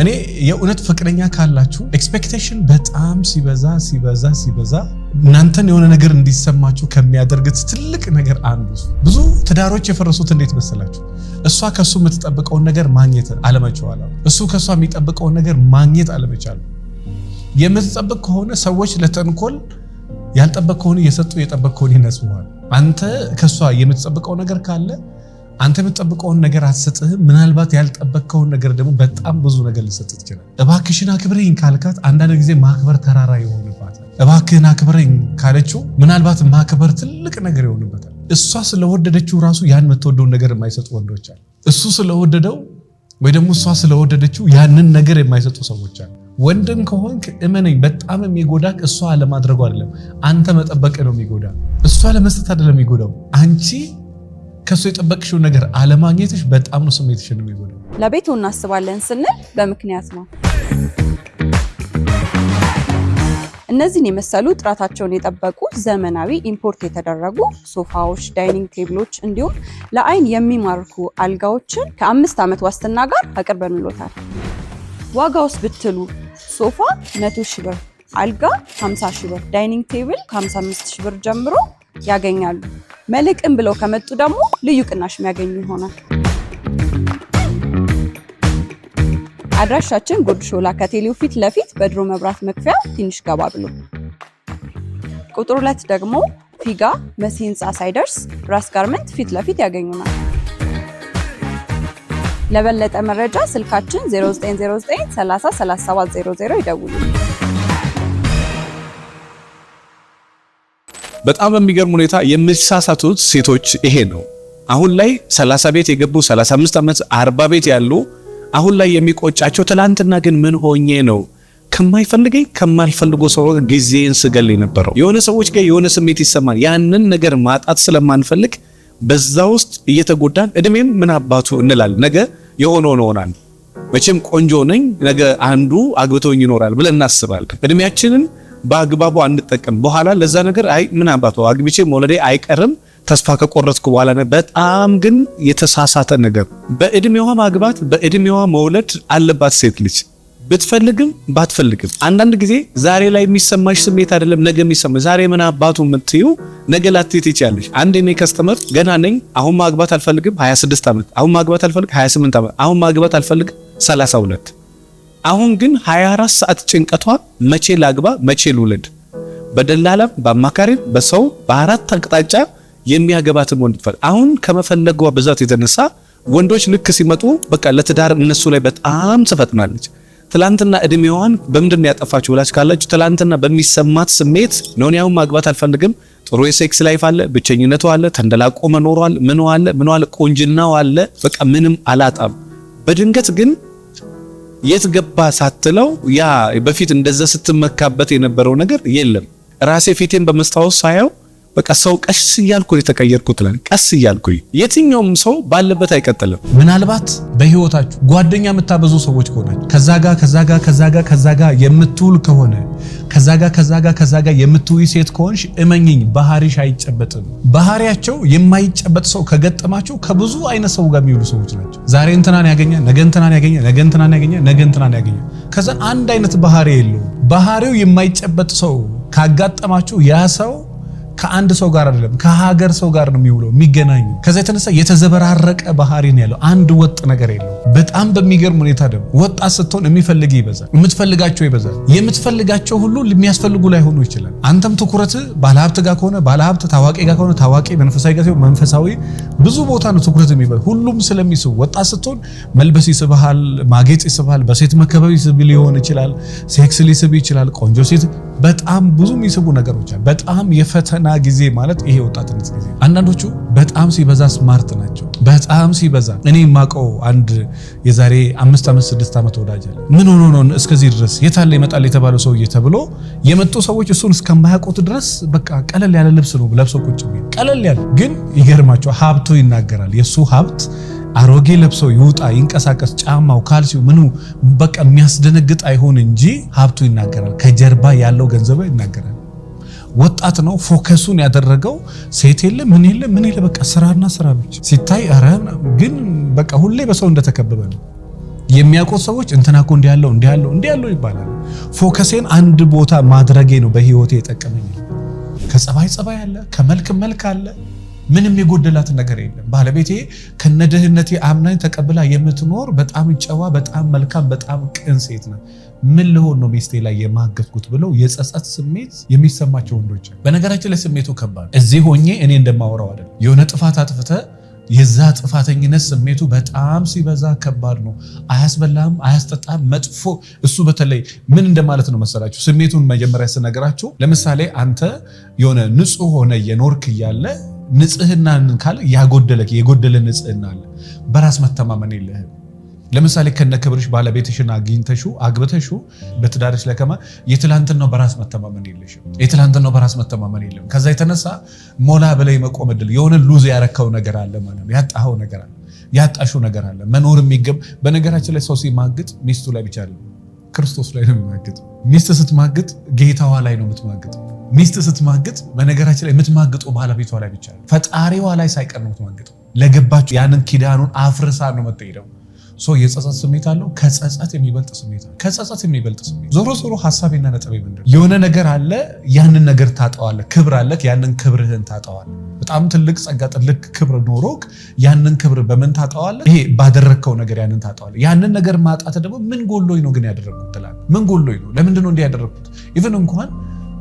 እኔ የእውነት ፍቅረኛ ካላችሁ ኤክስፔክቴሽን በጣም ሲበዛ ሲበዛ ሲበዛ እናንተን የሆነ ነገር እንዲሰማችሁ ከሚያደርግት ትልቅ ነገር አንዱ ብዙ ትዳሮች የፈረሱት እንዴት መሰላችሁ? እሷ ከሱ የምትጠብቀውን ነገር ማግኘት አለመቻዋል፣ እሱ ከእሷ የሚጠብቀውን ነገር ማግኘት አለመቻል። የምትጠብቅ ከሆነ ሰዎች ለተንኮል ያልጠበቅ ከሆነ እየሰጡ የጠበቅ ከሆነ ይነጽሃል። አንተ ከእሷ የምትጠብቀው ነገር ካለ አንተ የምትጠብቀውን ነገር አትሰጥህም። ምናልባት ያልጠበቅከውን ነገር ደግሞ በጣም ብዙ ነገር ልሰጥ ይችላል። እባክሽን አክብረኝ ካልካት አንዳንድ ጊዜ ማክበር ተራራ ይሆንባታል። እባክህን አክብረኝ ካለችው ምናልባት ማክበር ትልቅ ነገር ይሆንበታል። እሷ ስለወደደችው ራሱ ያን የምትወደውን ነገር የማይሰጡ ወንዶች አሉ። እሱ ስለወደደው ወይ ደግሞ እሷ ስለወደደችው ያንን ነገር የማይሰጡ ሰዎች አሉ። ወንድም ከሆንክ እመነኝ፣ በጣም የሚጎዳክ እሷ ለማድረጉ አይደለም፣ አንተ መጠበቅ ነው የሚጎዳ። እሷ ለመስጠት አይደለም የሚጎዳው አንቺ ከሱ የጠበቅሽው ነገር አለማግኘትሽ በጣም ነው ስሜትሽን የሚጎዳው። ለቤቱ እናስባለን ስንል በምክንያት ነው። እነዚህን የመሰሉ ጥራታቸውን የጠበቁ ዘመናዊ ኢምፖርት የተደረጉ ሶፋዎች፣ ዳይኒንግ ቴብሎች እንዲሁም ለአይን የሚማርኩ አልጋዎችን ከአምስት ዓመት ዋስትና ጋር አቅርበንሎታል። ዋጋ ውስጥ ብትሉ ሶፋ 100 ሺ ብር፣ አልጋ 50 ሺ ብር፣ ዳይኒንግ ቴብል ከ55 ሺ ብር ጀምሮ ያገኛሉ። መልሕቅን ብለው ከመጡ ደግሞ ልዩ ቅናሽ የሚያገኙ ይሆናል። አድራሻችን ጉርድ ሾላ ከቴሌው ፊት ለፊት በድሮ መብራት መክፈያ ትንሽ ገባ ብሎ፣ ቁጥር ሁለት ደግሞ ፊጋ መሲ ህንፃ ሳይደርስ ራስ ጋርመንት ፊት ለፊት ያገኙናል። ለበለጠ መረጃ ስልካችን 0909 30 00 ይደውሉ። በጣም በሚገርም ሁኔታ የሚሳሳቱት ሴቶች ይሄ ነው። አሁን ላይ 30 ቤት የገቡ 35 ዓመት 40 ቤት ያሉ አሁን ላይ የሚቆጫቸው ትላንትና ግን ምን ሆኜ ነው ከማይፈልገኝ ከማልፈልጎ ሰው ጊዜን ስገል የነበረው የሆነ ሰዎች ጋር የሆነ ስሜት ይሰማል። ያንን ነገር ማጣት ስለማንፈልግ በዛ ውስጥ እየተጎዳን እድሜም ምን አባቱ እንላል። ነገ የሆነ ሆኖናል። መቼም ቆንጆ ነኝ ነገ አንዱ አግብቶኝ ይኖራል ብለን እናስባለን። እድሜያችንን በአግባቡ አንጠቀም። በኋላ ለዛ ነገር አይ ምን አባቶ አግብቼ መውለዴ አይቀርም ተስፋ ከቆረጥኩ በኋላ በጣም ግን የተሳሳተ ነገር። በእድሜዋ ማግባት በእድሜዋ መውለድ አለባት ሴት ልጅ ብትፈልግም ባትፈልግም። አንዳንድ ጊዜ ዛሬ ላይ የሚሰማሽ ስሜት አይደለም ነገ የሚሰማ ዛሬ ምን አባቱ የምትይው ነገ ላትት ትችያለሽ። አንድ እኔ ከስተመር ገና ነኝ። አሁን ማግባት አልፈልግም 26 ዓመት፣ አሁን ማግባት አልፈልግ 28 ዓመት፣ አሁን ማግባት አልፈልግ 32 አሁን ግን 24 ሰዓት ጭንቀቷ መቼ ላግባ፣ መቼ ልውልድ፣ በደላላም በአማካሪም በሰው በአራት አቅጣጫ የሚያገባትን ወንድ ትፈልግ። አሁን ከመፈለጓ ብዛት የተነሳ ወንዶች ልክ ሲመጡ በቃ ለትዳር እነሱ ላይ በጣም ትፈጥናለች። ትላንትና እድሜዋን በምንድን ነው ያጠፋችሁ ብላች ካላችሁ ትላንትና በሚሰማት ስሜት ነውን። ያሁን ማግባት አልፈልግም። ጥሩ የሴክስ ላይፍ አለ፣ ብቸኝነቱ አለ፣ ተንደላቆ መኖሯል፣ ምን አለ፣ ምን አለ፣ ቆንጅናው አለ፣ በቃ ምንም አላጣም። በድንገት ግን የት ገባ ሳትለው ያ በፊት እንደዛ ስትመካበት የነበረው ነገር የለም። ራሴ ፊቴን በመስታወት ሳየው በቃ ሰው ቀስ እያልኩ የተቀየርኩ ትላል። ቀስ እያልኩ የትኛውም ሰው ባለበት አይቀጥልም። ምናልባት በህይወታችሁ ጓደኛ የምታበዙ ሰዎች ከሆናችሁ ከዛ ጋ ከዛ ጋ ከዛ ጋ ከዛ ጋ የምትውል ከሆነ ከዛ ጋ ከዛ ጋ ከዛ ጋ የምትውይ ሴት ከሆንሽ እመኝኝ ባህሪሽ አይጨበጥም። ባህሪያቸው የማይጨበጥ ሰው ከገጠማቸው ከብዙ አይነት ሰው ጋር የሚውሉ ሰዎች ናቸው። ዛሬ እንትናን ያገኘ ነገ እንትናን ያገኘ ነገ እንትናን ያገኘ ነገ እንትናን ያገኘ ከዛ አንድ አይነት ባህሪ የለውም። ባህሪው የማይጨበጥ ሰው ካጋጠማችሁ ያ ሰው ከአንድ ሰው ጋር አይደለም ከሀገር ሰው ጋር ነው የሚውለው የሚገናኙ። ከዛ የተነሳ የተዘበራረቀ ባህሪ ነው ያለው። አንድ ወጥ ነገር የለው። በጣም በሚገርም ሁኔታ ደግሞ ወጣት ስትሆን የሚፈልግ ይበዛል፣ የምትፈልጋቸው ይበዛል። የምትፈልጋቸው ሁሉ የሚያስፈልጉ ላይሆኑ ይችላል። አንተም ትኩረት ባለሀብት ጋር ከሆነ ባለሀብት፣ ታዋቂ ጋር ከሆነ ታዋቂ፣ መንፈሳዊ ጋር ሲሆን መንፈሳዊ፣ ብዙ ቦታ ነው ትኩረት የሚበዛ ሁሉም ስለሚስቡ ወጣት ስትሆን መልበስ ይስብሃል፣ ማጌጥ ይስብሃል፣ በሴት መከበብ ይስብ ሊሆን ይችላል፣ ሴክስ ሊስብ ይችላል፣ ቆንጆ ሴት በጣም ብዙ የሚስቡ ነገሮች አሉ። በጣም የፈተና ጊዜ ማለት ይሄ ወጣትነት ጊዜ። አንዳንዶቹ በጣም ሲበዛ ስማርት ናቸው። በጣም ሲበዛ እኔ የማውቀው አንድ የዛሬ አምስት ዓመት ስድስት ዓመት ወዳጅ አለ። ምን ሆኖ ነው እስከዚህ ድረስ የታለ ይመጣል የተባለው ሰውዬ ተብሎ የመጡ ሰዎች እሱን እስከማያውቁት ድረስ በቃ ቀለል ያለ ልብስ ነው ለብሶ ቁጭ ቀለል ያለ ግን ይገርማቸው ሀብቱ ይናገራል የእሱ ሀብት አሮጌ ለብሰው ይውጣ፣ ይንቀሳቀስ፣ ጫማው፣ ካልሲው ምኑ በቃ የሚያስደነግጥ አይሆን እንጂ ሀብቱ ይናገራል። ከጀርባ ያለው ገንዘብ ይናገራል። ወጣት ነው። ፎከሱን ያደረገው ሴት የለ ምን የለ ምን የለ በቃ ስራና ስራ ብቻ ሲታይ፣ ኧረ ግን በቃ ሁሌ በሰው እንደተከበበ ነው። የሚያውቁት ሰዎች እንትና እኮ እንዲያለው እንዲያለው እንዲያለው ይባላል። ፎከሴን አንድ ቦታ ማድረጌ ነው በህይወቴ የጠቀመኝ። ከጸባይ ጸባይ አለ፣ ከመልክ መልክ አለ ምንም የጎደላት ነገር የለም። ባለቤቴ ከነድህነቴ አምናኝ ተቀብላ የምትኖር በጣም ጨዋ፣ በጣም መልካም፣ በጣም ቅን ሴት ነው። ምን ልሆን ነው ሚስቴ ላይ የማገፍኩት ብለው የጸጸት ስሜት የሚሰማቸው ወንዶች። በነገራችን ላይ ስሜቱ ከባድ፣ እዚህ ሆኜ እኔ እንደማወራው አይደለም። የሆነ ጥፋት አጥፍተ የዛ ጥፋተኝነት ስሜቱ በጣም ሲበዛ ከባድ ነው። አያስበላም፣ አያስጠጣም፣ መጥፎ እሱ በተለይ ምን እንደማለት ነው መሰላችሁ? ስሜቱን መጀመሪያ ስነግራችሁ፣ ለምሳሌ አንተ የሆነ ንጹህ ሆነ የኖርክ እያለ ንጽህናን ካለ ያጎደለ የጎደለ ንጽህና አለ። በራስ መተማመን የለህም። ለምሳሌ ከነ ክብርሽ ባለቤትሽን አግኝተሹ አግብተሹ በትዳርሽ ለከማ የትላንትናው በራስ መተማመን የለሽም። የትላንትናው በራስ መተማመን የለም። ከዛ የተነሳ ሞላ በላይ መቆም እድል የሆነ ሉዝ ያረከው ነገር አለ ማለት ያጣኸው ነገር አለ፣ ያጣሹ ነገር አለ። መኖር የሚገብ በነገራችን ላይ ሰው ሲማግጥ ሚስቱ ላይ ብቻ ክርስቶስ ላይ ነው የሚማግጥ። ሚስት ስትማግጥ ጌታዋ ላይ ነው የምትማግጥ። ሚስት ስትማግጥ በነገራችን ላይ የምትማግጠው ባለቤቷ ላይ ብቻ ነው፣ ፈጣሪዋ ላይ ሳይቀር ነው የምትማግጠው። ለገባች ያንን ኪዳኑን አፍርሳ ነው የምትሄደው። የጸጸት ስሜት አለው። ከጸጸት የሚበልጥ ስሜት አለ። ከጸጸት የሚበልጥ ስሜት ዞሮ ዞሮ ሀሳቤና ነጥቤ ምንድን የሆነ ነገር አለ፣ ያንን ነገር ታጠዋለ። ክብር አለ፣ ያንን ክብርህን ታጠዋለ። በጣም ትልቅ ጸጋ፣ ትልቅ ክብር ኖሮክ ያንን ክብር በምን ታጠዋለ? ይሄ ባደረግከው ነገር ያንን ታጠዋለ። ያንን ነገር ማጣት ደግሞ ምን ጎሎኝ ነው ግን ያደረግኩት ትላለህ። ምን ጎሎኝ ነው? ለምንድን ነው እንዲህ ያደረግኩት? ኢቨን እንኳን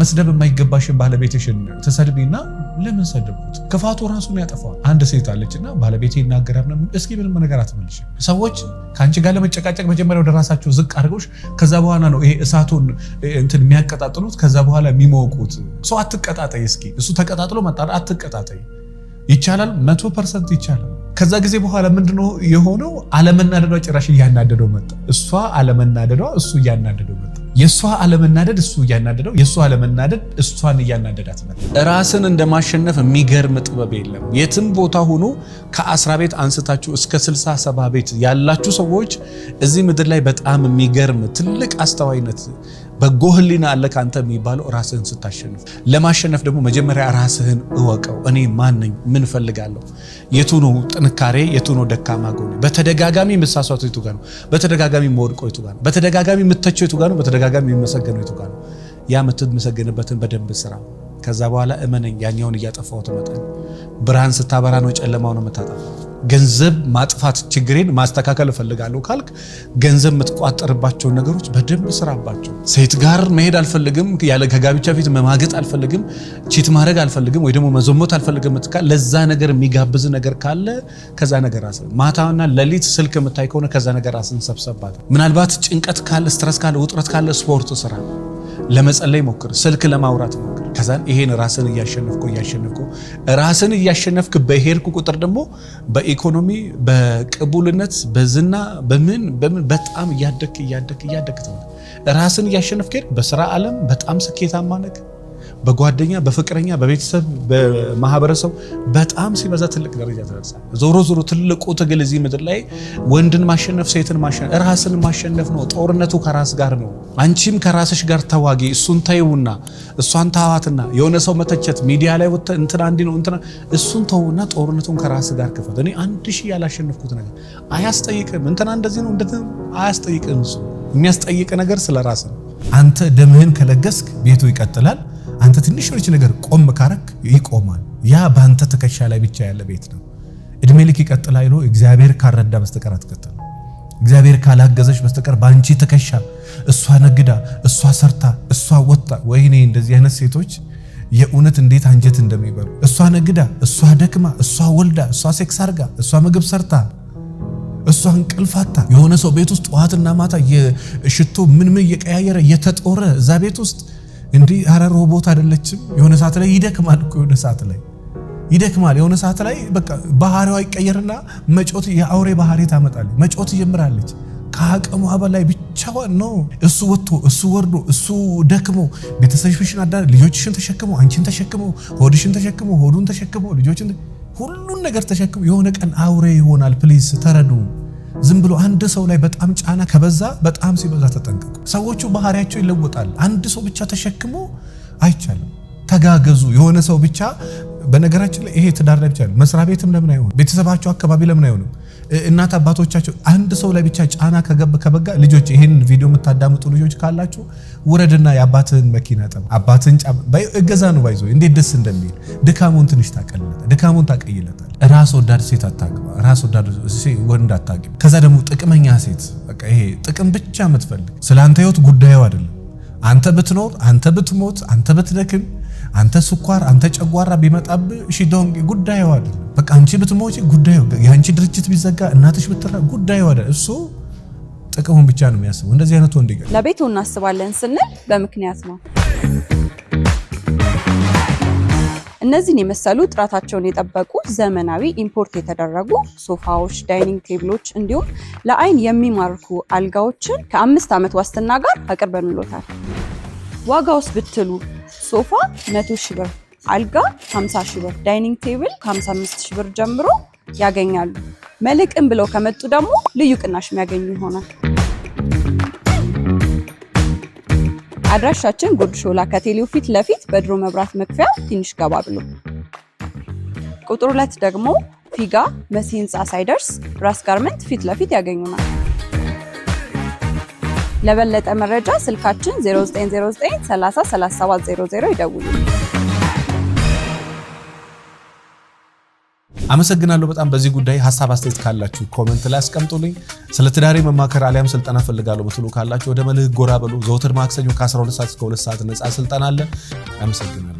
መስደብ የማይገባሽን ባለቤትሽን ትሰድቢና ለምን ሰድቡት? ክፋቱ ራሱን ያጠፋዋል። አንድ ሴት አለችና ባለቤቴ ይናገራል። እስኪ ምንም ነገር አትመልሽ። ሰዎች ከአንቺ ጋር ለመጨቃጨቅ መጀመሪያ ወደ ራሳቸው ዝቅ አድርገውሽ፣ ከዛ በኋላ ነው ይሄ እሳቱን እንትን የሚያቀጣጥሉት፣ ከዛ በኋላ የሚሞቁት። ሰው አትቀጣጠይ። እስኪ እሱ ተቀጣጥሎ መጣ፣ አትቀጣጠይ። ይቻላል፣ መቶ ፐርሰንት ይቻላል። ከዛ ጊዜ በኋላ ምንድነው የሆነው? አለመናደዷ ጭራሽ እያናደደው መጣ። እሷ አለመናደዷ እሱ እያናደደው መጣ። የእሷ አለመናደድ እሱ እያናደደው፣ የእሷ አለመናደድ እሷን እያናደዳት ነው። ራስን እንደማሸነፍ የሚገርም ጥበብ የለም። የትም ቦታ ሆኖ ከአስራ ቤት አንስታችሁ እስከ ስልሳ ሰባ ቤት ያላችሁ ሰዎች እዚህ ምድር ላይ በጣም የሚገርም ትልቅ አስተዋይነት በጎ ህሊና አለ ከአንተ የሚባለው ራስህን ስታሸንፍ። ለማሸነፍ ደግሞ መጀመሪያ ራስህን እወቀው። እኔ ማን ነኝ? ምን ፈልጋለሁ? የቱ ነው ጥንካሬ? የቱ ነው ደካማ ጎኔ? በተደጋጋሚ የምሳሳቱ የቱ ጋር ነው? በተደጋጋሚ የምወድቀው የቱ ጋ ነው? በተደጋጋሚ የምተቸው የቱ ጋ ነው? በተደጋጋሚ የምመሰገነው የቱ ጋ ነው? ያ የምትመሰገንበትን በደንብ ስራ። ከዛ በኋላ እመነኝ፣ ያኛውን እያጠፋው ትመጣል። ብርሃን ስታበራ ነው ጨለማው ነው የምታጠፋው። ገንዘብ ማጥፋት ችግሬን ማስተካከል እፈልጋለሁ ካልክ ገንዘብ የምትቋጠርባቸውን ነገሮች በደንብ ስራባቸው። ሴት ጋር መሄድ አልፈልግም፣ ከጋብቻ ፊት መማገጥ አልፈልግም፣ ቺት ማድረግ አልፈልግም፣ ወይ ደግሞ መዘሞት አልፈልግም። ለዛ ነገር የሚጋብዝ ነገር ካለ ከዛ ነገር አስ ማታና ለሊት ስልክ የምታይ ከሆነ ከዛ ነገር ራስን ሰብሰባት። ምናልባት ጭንቀት ካለ፣ ስትረስ ካለ፣ ውጥረት ካለ ስፖርት ስራ። ለመጸለይ ሞክር፣ ስልክ ለማውራት ሞክር። ከዛን ይሄን ራስን እያሸነፍኩ እያሸነፍኩ ራስን እያሸነፍክ በሄድኩ ቁጥር ደግሞ በኢኮኖሚ በቅቡልነት በዝና በምን በምን በጣም እያደግ እያደግ እያደግ ራስን እያሸነፍክ ሄድክ። በስራ ዓለም በጣም ስኬታማ ነህ። በጓደኛ በፍቅረኛ በቤተሰብ በማህበረሰብ በጣም ሲበዛ ትልቅ ደረጃ ተደርሳል። ዞሮ ዞሮ ትልቁ ትግል እዚህ ምድር ላይ ወንድን ማሸነፍ፣ ሴትን ማሸነፍ፣ ራስን ማሸነፍ ነው። ጦርነቱ ከራስ ጋር ነው። አንቺም ከራስሽ ጋር ተዋጊ። እሱን ተይውና እሷን ታዋትና የሆነ ሰው መተቸት ሚዲያ ላይ እንትና እንዲህ ነው እንትና እሱን ተውና ጦርነቱን ከራስ ጋር ክፈት። እኔ አንድ ሺህ ያላሸነፍኩት ነገር አያስጠይቅም። እንትና እንደዚህ ነው እንደት አያስጠይቅም። እሱ የሚያስጠይቅ ነገር ስለ ራስ ነው። አንተ ደምህን ከለገስክ ቤቱ ይቀጥላል። አንተ ትንሽ የሆነች ነገር ቆም ካረክ ይቆማል። ያ በአንተ ትከሻ ላይ ብቻ ያለ ቤት ነው። እድሜ ልክ ይቀጥል አይሎ እግዚአብሔር ካልረዳ በስተቀር አትቀጥል። እግዚአብሔር ካላገዘች በስተቀር በአንቺ ትከሻ እሷ ነግዳ፣ እሷ ሰርታ፣ እሷ ወጣ። ወይኔ እንደዚህ አይነት ሴቶች የእውነት እንዴት አንጀት እንደሚበሉ እሷ ነግዳ፣ እሷ ደክማ፣ እሷ ወልዳ፣ እሷ ሴክስ አርጋ፣ እሷ ምግብ ሰርታ፣ እሷ እንቅልፋታ የሆነ ሰው ቤት ውስጥ ጠዋትና ማታ ሽቶ ምን ምን እየቀያየረ እየተጦረ እዛ ቤት ውስጥ እንዲህ አረ ሮቦት አይደለችም። የሆነ ሰዓት ላይ ይደክማል እኮ የሆነ ሰዓት ላይ ይደክማል። የሆነ ሰዓት ላይ በቃ ባህሪዋ ይቀየርና መጮት የአውሬ ባህሪ ታመጣለች። መጮት ትጀምራለች። ከአቅሟ በላይ ብቻዋን ነው። እሱ ወጥቶ እሱ ወርዶ እሱ ደክሞ ቤተሰብሽን አዳ ልጆችሽን ተሸክሞ አንቺን ተሸክሞ ሆድሽን ተሸክሞ ሆዱን ተሸክሞ ልጆችን ሁሉን ነገር ተሸክሞ የሆነ ቀን አውሬ ይሆናል። ፕሊዝ ተረዱ። ዝም ብሎ አንድ ሰው ላይ በጣም ጫና ከበዛ በጣም ሲበዛ ተጠንቀቁ። ሰዎቹ ባህሪያቸው ይለወጣል። አንድ ሰው ብቻ ተሸክሞ አይቻልም። ተጋገዙ። የሆነ ሰው ብቻ በነገራችን ላይ ይሄ ትዳር ላይ ብቻ ነው። መስሪያ ቤትም ለምን አይሆን? ቤተሰባቸው አካባቢ ለምን አይሆንም? እናት አባቶቻቸው አንድ ሰው ላይ ብቻ ጫና ከገብ ከበጋ ልጆች፣ ይህን ቪዲዮ የምታዳምጡ ልጆች ካላችሁ ውረድና የአባትህን መኪና ጠብ፣ አባትህን እገዛ ነው ባይዞ እንዴት ደስ እንደሚል ድካሙን ትንሽ ታቀልለታል፣ ድካሙን ታቀይለታል። ራስ ወዳድ ሴት አታግባ፣ ራስ ወዳድ ወንድ አታግባ። ከዛ ደግሞ ጥቅመኛ ሴት በቃ ይሄ ጥቅም ብቻ የምትፈልግ ስለ አንተ ህይወት ጉዳዩ አይደለም። አንተ ብትኖር፣ አንተ ብትሞት፣ አንተ ብትደክም አንተ ስኳር፣ አንተ ጨጓራ ቢመጣብህ ሽዶን ጉዳዩ አይደለም። በቃ አንቺ ብትሞጪ ጉዳዩ፣ የአንቺ ድርጅት ቢዘጋ፣ እናትሽ ብትራ ጉዳዩ አይደለም። እሱ ጥቅሙን ብቻ ነው የሚያስበው። እንደዚህ አይነት ወንድ ለቤቱ እናስባለን ስንል በምክንያት ነው። እነዚህን የመሰሉ ጥራታቸውን የጠበቁ ዘመናዊ ኢምፖርት የተደረጉ ሶፋዎች፣ ዳይኒንግ ቴብሎች እንዲሁም ለአይን የሚማርኩ አልጋዎችን ከአምስት ዓመት ዋስትና ጋር አቅርበንሎታል። ዋጋ ውስጥ ብትሉ ሶፋ 100 ሺህ ብር፣ አልጋ 50 ሺህ ብር፣ ዳይኒንግ ቴብል ከ55 ሺህ ብር ጀምሮ ያገኛሉ። መልሕቅን ብለው ከመጡ ደግሞ ልዩ ቅናሽ የሚያገኙ ይሆናል። አድራሻችን ጉርድ ሾላ ከቴሌው ፊት ለፊት በድሮ መብራት መክፈያ ትንሽ ገባ ብሎ፣ ቁጥር ሁለት ደግሞ ፊጋ መሲ ህንፃ ሳይደርስ ራስ ጋርመንት ፊት ለፊት ያገኙናል። ለበለጠ መረጃ ስልካችን 0909303700 ይደውሉ። አመሰግናለሁ በጣም በዚህ ጉዳይ ሀሳብ አስተያየት ካላችሁ ኮመንት ላይ አስቀምጡልኝ። ስለ ትዳሬ መማከር አሊያም ስልጠና ፈልጋለሁ ምትሉ ካላችሁ ወደ መልህ ጎራ በሉ። ዘውትር ማክሰኞ ከ12 ሰዓት እስከ 2 ሰዓት ነፃ ስልጠና አለ። አመሰግናለሁ።